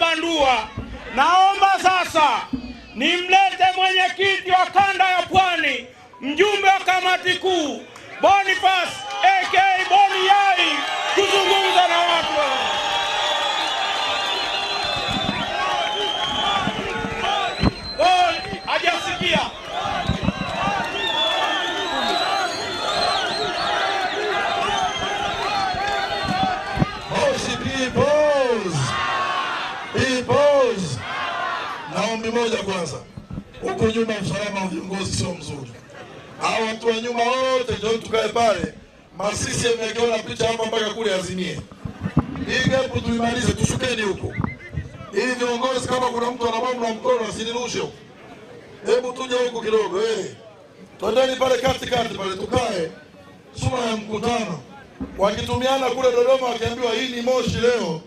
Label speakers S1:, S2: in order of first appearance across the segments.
S1: Bandua, naomba sasa nimlete mwenyekiti wa kanda ya Pwani, mjumbe wa kamati kuu Boniface AK Boni Yai kuzungumza na watu.
S2: ni moja kwanza, huko nyuma usalama wa viongozi sio mzuri. Hao watu wa nyuma wote ndio tukae pale masisi yamewekewa picha hapa mpaka kule azimie. Hii gapu tuimalize, tushukeni huko Hii viongozi, kama kuna mtu ana anabambu na mkono asinirushe. Hebu tuje huko kidogo eh, Hey. twendeni pale kati kati pale tukae, sura ya mkutano wakitumiana kule Dodoma, wakiambiwa hii ni moshi leo,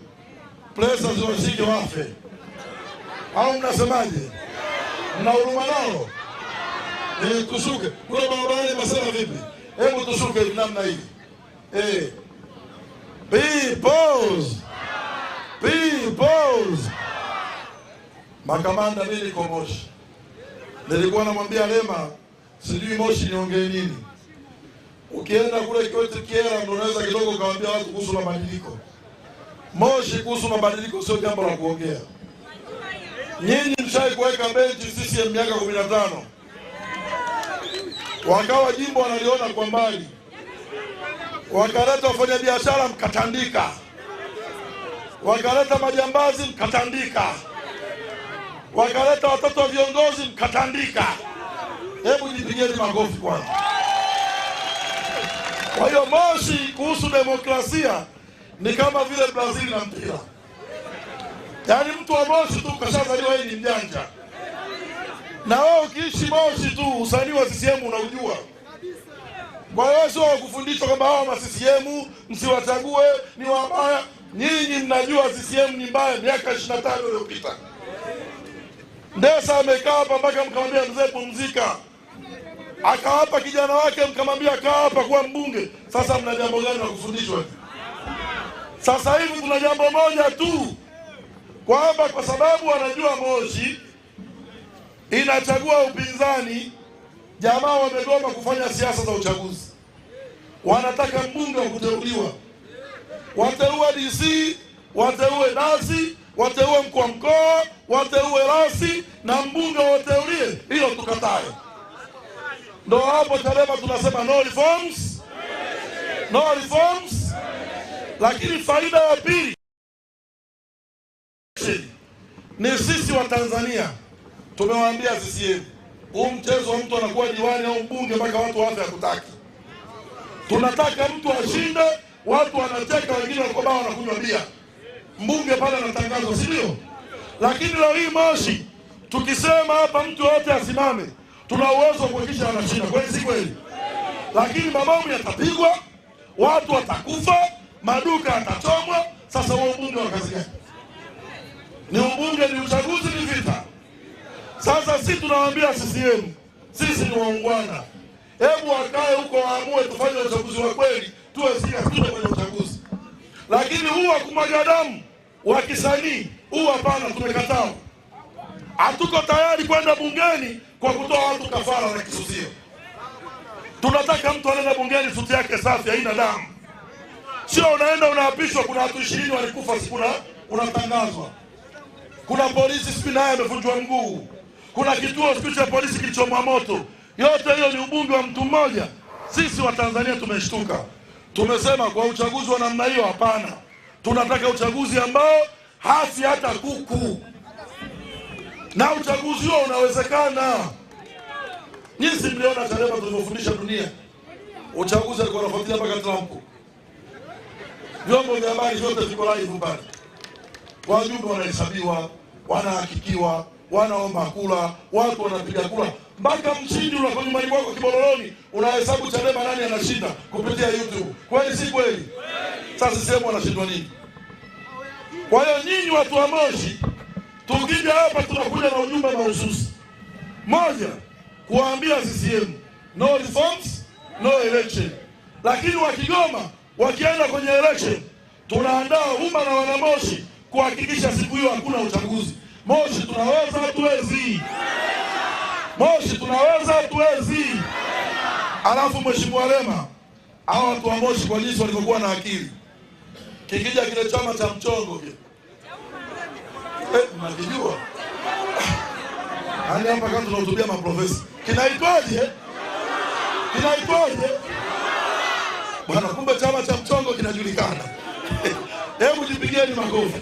S2: presa ziwashike wafe au mnasemaje? Mna huruma nao? Eh, tushuke kuna barabara imesema vipi? Hebu tushuke namna hii eh. Peoples, peoples. Makamanda, mimi niko Moshi, nilikuwa namwambia Lema sijui Moshi niongee nini. Ukienda kule Kiwete Kiera, ndio unaweza kidogo ukawaambia watu kuhusu mabadiliko. Moshi kuhusu mabadiliko sio jambo la kuongea. Nyinyi mshai kuweka benchi CCM miaka kumi na tano, wakawa jimbo wanaliona kwa mbali, wakaleta wafanyabiashara mkatandika, wakaleta majambazi mkatandika, wakaleta watoto wa viongozi mkatandika. Hebu jipigeni magofu kwanza. Kwa hiyo Moshi kuhusu demokrasia ni kama vile Brazil na mpira. Yaani mtu wa Moshi tu ukashazaliwa yeye ni mjanja, na wewe ukiishi Moshi tu usanii wa CCM unaujua. Kwa hiyo sio kufundishwa kwamba hawa ma CCM msiwachague ni wabaya. Nyinyi mnajua CCM ni mbaya, miaka 25 iliyopita. Ndesa amekaa hapa mpaka mkamwambia mzee, pumzika, akawapa kijana wake, mkamwambia kaa hapa kuwa mbunge. Sasa mna jambo gani la kufundishwa? Sasa hivi kuna jambo moja tu kwamba kwa sababu wanajua Moshi inachagua upinzani, jamaa wamegoma kufanya siasa za uchaguzi, wanataka mbunge wa kuteuliwa, wateue DC, wateue dasi, wateue mkuu wa mkoa, wateue rasi na mbunge wateulie. Hilo tukatae. Ndo hapo Chadema tunasema no reforms, no reforms. Lakini faida ya pili nchi ni sisi wa Tanzania. Tumewaambia CCM, huu mchezo wa mtu anakuwa diwani au mbunge mpaka watu wafe hakutaki. Tunataka mtu ashinde, watu wanacheka, wengine walikuwa bao wanakunywa bia, mbunge pale anatangazwa, si ndio? Lakini leo hii Moshi tukisema hapa mtu yoyote asimame, tuna uwezo wa kuhakikisha wanashinda, kweli si kweli? Lakini mabomu yatapigwa, watu watakufa, maduka yatachomwa. Sasa huo mbunge wa kazi gani? ni ubunge, ni uchaguzi, ni vita. Sasa sisi tunawaambia CCM, sisi ni waungwana, hebu wakae huko waamue, tufanye uchaguzi wa kweli, tuwe sisi tuje kwenye uchaguzi. Lakini huu wa kumwaga damu wa kisanii huu, hapana, tumekataa. Hatuko tayari kwenda bungeni kwa kutoa watu kafara na kisuzio. Tunataka mtu anaenda bungeni suti yake safi, haina damu, sio unaenda unaapishwa, kuna watu ishirini walikufa siku unatangazwa kuna polisi siku naye amevunjwa mguu, kuna kituo siku cha polisi kilichomwa moto. Yote hiyo ni ubunge wa mtu mmoja. Sisi Watanzania tumeshtuka, tumesema kwa uchaguzi wa namna hiyo hapana. Tunataka uchaguzi ambao hasi hata kuku, na uchaguzi huo unawezekana. Nyinyi mliona Chadema tulivyofundisha dunia, uchaguzi alikuwa anafuatilia mpaka Trump. Vyombo vya habari vyote viko live pale wajumbe wanahesabiwa, wanahakikiwa, wanaomba kula, watu wanapiga kula, mpaka mshindi unako nyumbani kwako Kibololoni unahesabu Chadema nani anashinda kupitia YouTube. Kweli si kweli? Sasa sehemu wanashindwa nini? Kwa hiyo nyinyi watu wa Moshi, tukija hapa tunakuja na ujumbe mahususi moja, kuwaambia CCM no reforms no election. Lakini wakigoma wakienda kwenye election, tunaandaa umma na wanamoshi kuhakikisha siku hiyo hakuna uchaguzi. Moshi tunaweza, tuwezi? Moshi tunaweza, tuwezi? Alafu mheshimiwa Lema, hawa watu wa Moshi kwa jinsi walivyokuwa na akili, kikija kile chama cha mchongo kile hadi eh, yaani hapa kama tunahutubia maprofesa, kinaitwaje? Kinaitwaje bwana? Kumbe chama cha mchongo kinajulikana. Hebu jipigeni makofi.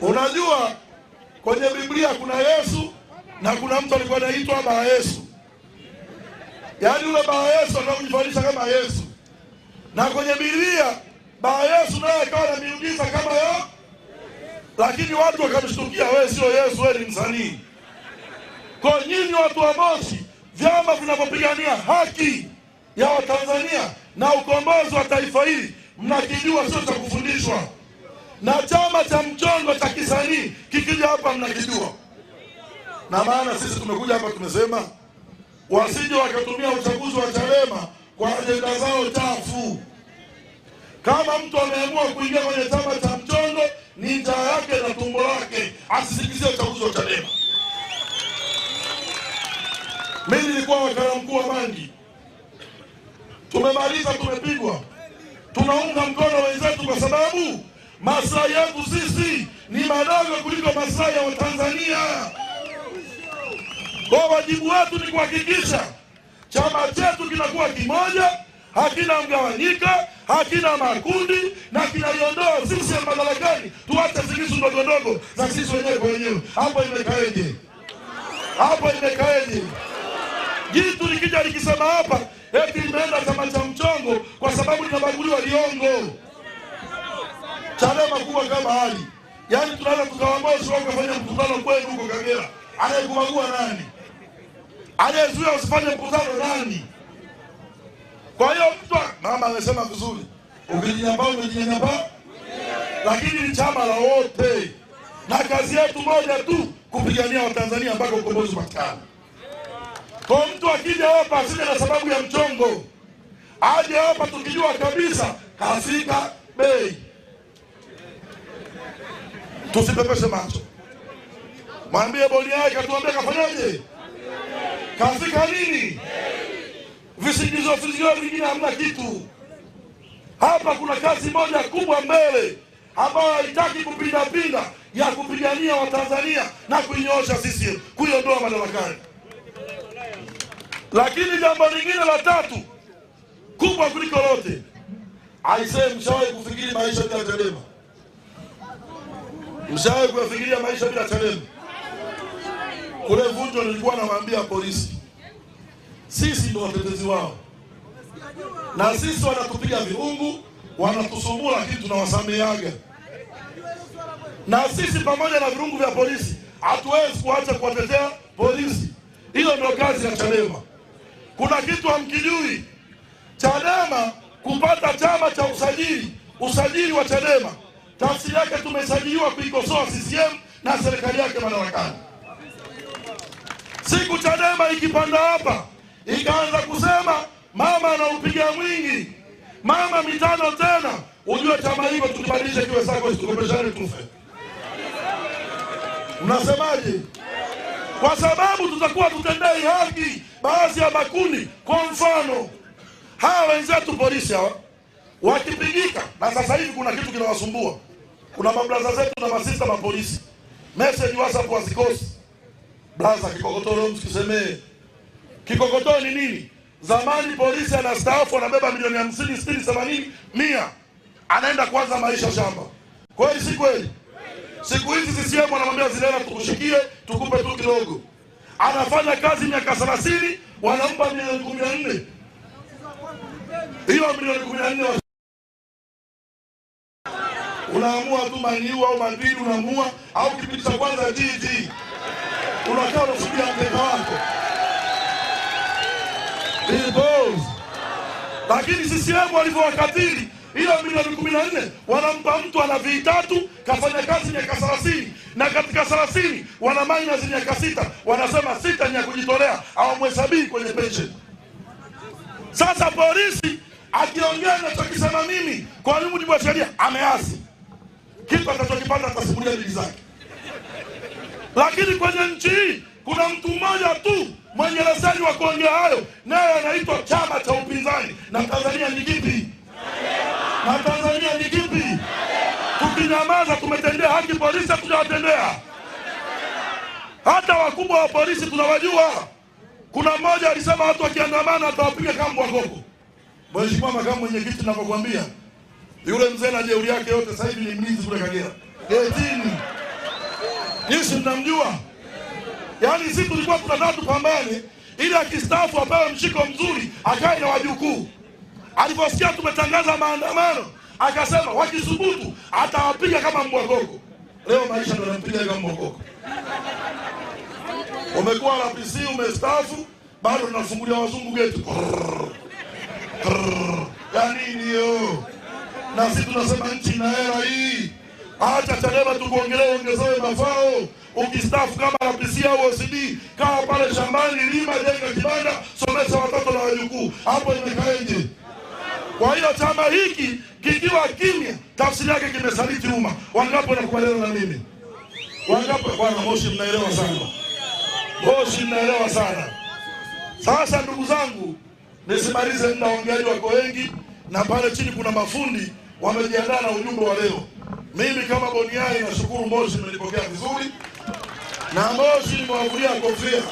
S2: Unajua kwenye Biblia kuna Yesu na kuna mtu alikuwa anaitwa Baba Yesu, yaani yule Baba Yesu anakujifanisha kama Yesu, na kwenye Biblia Baba Yesu naye akawa na kama yo, lakini watu wakamshtukia, wewe sio Yesu, wewe ni msanii. Kwa nyinyi watu wa Moshi, vyama vinavyopigania haki ya Watanzania na ukombozi wa taifa hili mnakijua, sio cha kufundishwa. Na chama cha mchongo cha kisanii kikija hapa mnakijua, na maana sisi tumekuja hapa tumesema wasije wakatumia uchaguzi wa Chadema kwa ajenda zao chafu. Kama mtu ameamua kuingia kwenye chama cha mchongo, ni njaa yake na tumbo lake, asisikizie uchaguzi wa Chadema. Mimi nilikuwa wakala mkuu wa bangi Tumemaliza, tumepigwa. Tunaunga mkono wenzetu, kwa sababu maslahi yetu sisi ni madogo kuliko maslahi ya Watanzania. Kwa wajibu wetu ni kuhakikisha chama chetu kinakuwa kimoja, hakina mgawanyika hakina makundi na kinaiondoa sisi ya madarakani. Tuache zilizo ndogo ndogo za sisi wenyewe kwa wenyewe. Hapo imekaeje? Hapo imekaeje? Jitu likija likisema hapa eti mmeenda chama cha mchongo kwa sababu tunabaguliwa liongo. Chadema kubwa kama hali yaani, tunaweza tukawaambia usiwahi kufanya mkutano kwenu huko Kagera, anayekubagua nani? Anayezuia usifanye mkutano nani? Kwa hiyo mtu mama amesema vizuri, ukijinyambaa umejinyambaa, lakini ni chama la wote na kazi yetu moja tu kupigania Watanzania mpaka ukombozi upatikane. Kwa mtu akija hapa asije na sababu ya mchongo, aje hapa tukijua kabisa kafika bei. Tusipepeshe macho, mwambie bodi yake katuambia kafanyaje, kafika nini. Visingizio visingizio vingine hamna kitu hapa. Kuna kazi moja kubwa mbele ambayo haitaki kupindapinda ya kupigania Watanzania na kuinyoosha sisi kuiondoa madarakani. Lakini jambo lingine la tatu kubwa kuliko lote, aisee, mshawahi kufikiri maisha bila Chadema? Mshawahi kuyafikiria maisha bila Chadema? Kule Vunjo nilikuwa nawaambia polisi, sisi ndo watetezi wao, na sisi wanatupiga viungu, wanatusumbua, lakini tunawasameaga Na sisi pamoja na virungu vya polisi hatuwezi kuacha kuwatetea polisi. Hiyo ndio kazi ya Chadema kuna kitu hamkijui. Chadema kupata chama cha usajili, usajili wa Chadema tafsiri yake tumesajiliwa kuikosoa CCM na serikali yake madarakani. Siku Chadema ikipanda hapa ikaanza kusema mama anaupiga mwingi, mama mitano tena, ujue chama hicho tukibadilisha kiwe sako, tukopeshane tufe. Mnasemaje? kwa sababu tutakuwa tutendei haki baadhi ya makundi. Kwa mfano hawa wenzetu polisi hawa wakipigika, na sasa hivi kuna kitu kinawasumbua. Kuna mablaza zetu na masista mapolisi, message WhatsApp wazikosi. Blaza kikokotoro, msikisemee kikokotoro ni nini? Zamani polisi anastaafu anabeba milioni hamsini, sitini, themanini, mia, anaenda kuanza maisha shamba. Kweli si kweli? Siku hizi CCM anamwambia Zilela tukushikie tukupe tu kidogo. Anafanya kazi miaka thelathini, wanampa milioni kumi na nne. Hiyo milioni kumi na nne unaamua tu maniu au mandili, unaamua au kipindi cha kwanza jiji unakaa unasudia mtega wako lakini CCM walivyowakatili hiyo milioni kumi na nne wanampa mtu ana vii tatu kafanya kazi miaka thelathini na katika thelathini wana mainazi miaka sita wanasema sita ni ya kujitolea hawamhesabii kwenye pensheni. Sasa polisi akiongea nachokisema mimi kwa mujibu wa sheria ameasi, kitu atachokipata atasimulia bili zake, lakini kwenye nchi hii kuna mtu mmoja tu mwenye leseni wa kuongea hayo, naye anaitwa chama cha upinzani. Na Tanzania ni kipi? na Tanzania ni kipi? Tukinyamaza tumetendea haki polisi, hatujawatendea hata wakubwa wa polisi tunawajua. Kuna mmoja alisema watu wakiandamana atawapiga kama bwakoko. Mheshimiwa makamu mwenyekiti, navyokwambia yule mzee na jeuri yake yote, sasa hivi ni mlinzi kule Kagera getini. Yesu mnamjua, yaani sisi tulikuwa tunataka tupambane ili akistaafu apewe mshiko mzuri, akae na wajukuu. Aliposikia tumetangaza maandamano, akasema wakisubutu atawapiga kama mbwagogo. Leo maisha ndio anampiga kama mbwagogo. Umekuwa RPC, umestafu, bado tunafungulia wazungu geti. Yaani hiyo. Na sisi tunasema nchi na hela hii. Acha Chadema tukuongelee, ongezewe mafao. Ukistafu kama RPC au OCD, kaa pale shambani, lima, jenga kibanda, somesha watoto na wajukuu. Hapo imekaeje? Kwa hiyo chama hiki kikiwa kimya, tafsiri yake kimesaliti umma. Wangapi wanakubaliana na mimi? Wangapi? Bwana Moshi, mnaelewa sana. Moshi, mnaelewa sana. Sasa ndugu zangu, nisimalize mna waongeaji wako wengi, na pale chini kuna mafundi wamejiandaa na ujumbe wa leo. Mimi kama Boniai nashukuru Moshi, mmenipokea vizuri na Moshi nimewavulia kofia.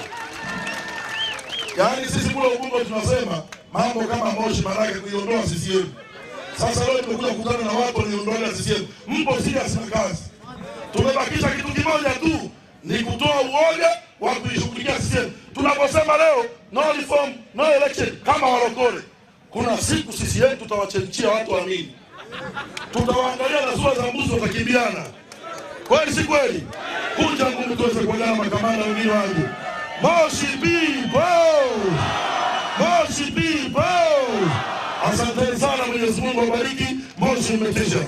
S2: Yaani sisi kule Ubungo tunasema mambo kama moshi, maanake kuiondoa CCM. Sasa leo tumekuja kukutana na watu waliondoa CCM, mpo serious na kazi. Tumebakisha kitu kimoja tu, ni kutoa uoga wa kuishughulikia CCM. Tunaposema leo no reform, no election kama walokole, kuna siku CCM tutawachemchia watu waamini, tutawaangalia na sura za mbuzi watakimbiana. Kweli si kweli? Kunja ngumu tuweze kuagana makamanda wengine wangu. Moshi bibo Moshi People! Asanteni sana, Mwenyezi Mungu awabariki. Moshi imetisha.